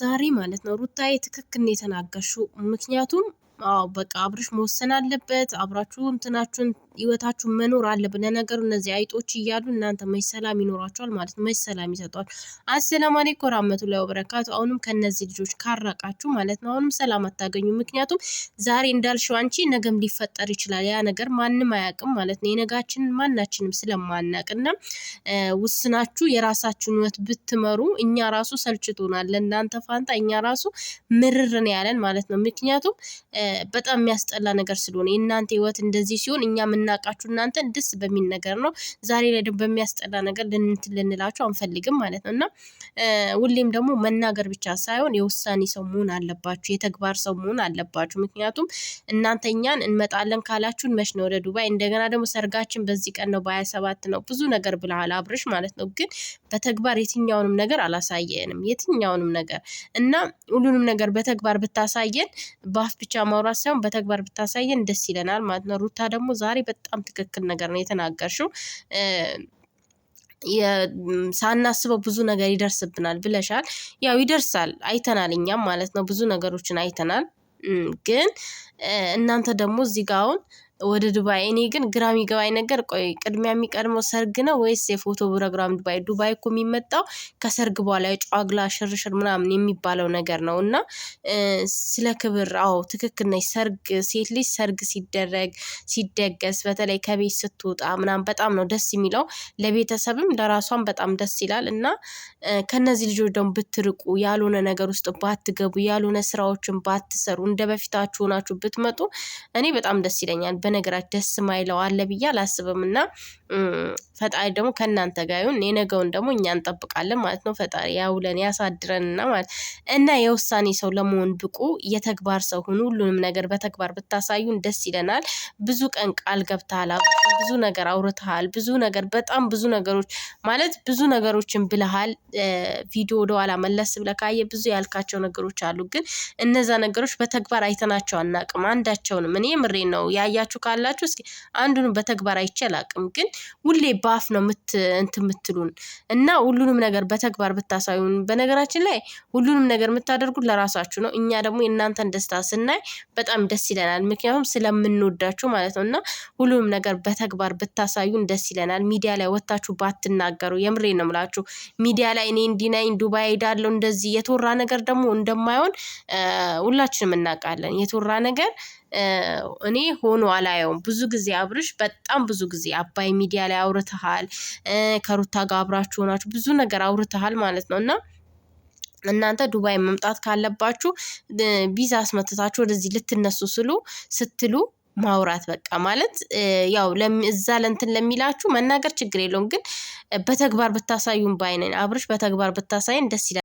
ዛሬ ማለት ነው ሩታዬ ትክክል ነው የተናገርሽው። ምክንያቱም አዎ በቃ አብርሽ መወሰን አለበት። አብራችሁ እንትናችሁን ህይወታችሁ መኖር አለብን። ለነገሩ እነዚህ አይጦች እያሉ እናንተ መች ሰላም ይኖራቸዋል ማለት ነው፣ መች ሰላም ይሰጧል። አሰላሙ አለይኩም ወራህመቱላሂ ወበረካቱ። አሁንም ከነዚህ ልጆች ካራቃችሁ ማለት ነው አሁንም ሰላም አታገኙ። ምክንያቱም ዛሬ እንዳልሽው አንቺ ነገም ሊፈጠር ይችላል። ያ ነገር ማንም አያውቅም ማለት ነው። የነጋችንን ማናችንም ስለማናቅ እና ውስናችሁ የራሳችሁን ህይወት ብትመሩ እኛ ራሱ ሰልችቶናል። ለእናንተ ፋንታ እኛ ራሱ ምርርን ያለን ማለት ነው። ምክንያቱም በጣም የሚያስጠላ ነገር ስለሆነ የእናንተ ህይወት እንደዚህ ሲሆን ምና የምናውቃችሁ እናንተን ደስ በሚል ነገር ነው። ዛሬ ላይ ደግሞ በሚያስጠላ ነገር ልንትን ልንላችሁ አንፈልግም ማለት ነው እና ሁሌም ደግሞ መናገር ብቻ ሳይሆን የውሳኔ ሰው መሆን አለባችሁ፣ የተግባር ሰው መሆን አለባችሁ። ምክንያቱም እናንተ እኛን እንመጣለን ካላችሁን መች ነው ወደ ዱባይ። እንደገና ደግሞ ሰርጋችን በዚህ ቀን ነው በሀያ ሰባት ነው ብዙ ነገር ብለሃል አብርሽ ማለት ነው። ግን በተግባር የትኛውንም ነገር አላሳየንም የትኛውንም ነገር እና ሁሉንም ነገር በተግባር ብታሳየን በአፍ ብቻ ማውራት ሳይሆን በተግባር ብታሳየን ደስ ይለናል ማለት ነው። ሩታ ደግሞ ዛሬ በጣም ትክክል ነገር ነው የተናገርሽው። ሳናስበው ብዙ ነገር ይደርስብናል ብለሻል። ያው ይደርሳል፣ አይተናል፣ እኛም ማለት ነው ብዙ ነገሮችን አይተናል። ግን እናንተ ደግሞ እዚህ ጋ አሁን ወደ ዱባይ እኔ ግን ግራ የሚገባኝ ነገር ቆይ ቅድሚያ የሚቀድመው ሰርግ ነው ወይስ የፎቶ ፕሮግራም? ዱባይ ዱባይ እኮ የሚመጣው ከሰርግ በኋላ የጨዋግላ ሽርሽር ምናምን የሚባለው ነገር ነው። እና ስለ ክብር፣ አዎ ትክክል ነች። ሰርግ ሴት ልጅ ሰርግ ሲደረግ ሲደገስ፣ በተለይ ከቤት ስትወጣ ምናምን በጣም ነው ደስ የሚለው፣ ለቤተሰብም ለራሷም በጣም ደስ ይላል። እና ከነዚህ ልጆች ደግሞ ብትርቁ፣ ያልሆነ ነገር ውስጥ ባትገቡ፣ ያልሆነ ስራዎችን ባትሰሩ፣ እንደ በፊታችሁ ሆናችሁ ብትመጡ እኔ በጣም ደስ ይለኛል። በነገራች ደስ ማይለው አለ ብዬ አላስብም። እና ፈጣሪ ደግሞ ከእናንተ ጋር ይሁን። የነገውን ደግሞ እኛ እንጠብቃለን ማለት ነው። ፈጣሪ ያውለን እና ማለት እና የውሳኔ ሰው ለመሆን ብቁ የተግባር ሰው ሁኑ። ሁሉንም ነገር በተግባር ብታሳዩን ደስ ይለናል። ብዙ ቀን ቃል ገብተሃል፣ ብዙ ነገር አውርተሃል፣ ብዙ ነገር በጣም ብዙ ነገሮች ማለት ብዙ ነገሮችን ብለሃል። ቪዲዮ ወደኋላ መለስ ብለህ ካየ ብዙ ያልካቸው ነገሮች አሉ፣ ግን እነዛ ነገሮች በተግባር አይተናቸው አናቅም አንዳቸውንም። እኔ ምሬ ነው ያያችሁ ያላችሁ ካላችሁ እስኪ አንዱን በተግባር አይቼ አላቅም፣ ግን ሁሌ ባፍ ነው እንትን ምትሉን እና ሁሉንም ነገር በተግባር ብታሳዩን። በነገራችን ላይ ሁሉንም ነገር የምታደርጉት ለራሳችሁ ነው። እኛ ደግሞ የእናንተን ደስታ ስናይ በጣም ደስ ይለናል፣ ምክንያቱም ስለምንወዳችሁ ማለት ነው። እና ሁሉንም ነገር በተግባር ብታሳዩን ደስ ይለናል። ሚዲያ ላይ ወታችሁ ባትናገሩ፣ የምሬ ነው ምላችሁ። ሚዲያ ላይ እኔ እንዲናኝ ዱባይ ሄዳለሁ እንደዚህ የተወራ ነገር ደግሞ እንደማይሆን ሁላችንም እናውቃለን። የተወራ ነገር እኔ ሆኖ አላየውም። ብዙ ጊዜ አብርሽ በጣም ብዙ ጊዜ አባይ ሚዲያ ላይ አውርተሃል፣ ከሩታ ጋር አብራችሁ ሆናችሁ ብዙ ነገር አውርተሃል ማለት ነው እና እናንተ ዱባይ መምጣት ካለባችሁ ቪዛ አስመትታችሁ ወደዚህ ልትነሱ ስሉ ስትሉ ማውራት በቃ ማለት ያው እዛ ለእንትን ለሚላችሁ መናገር ችግር የለውም፣ ግን በተግባር ብታሳዩን ባይነን አብርሽ በተግባር ብታሳይን ደስ ይላል።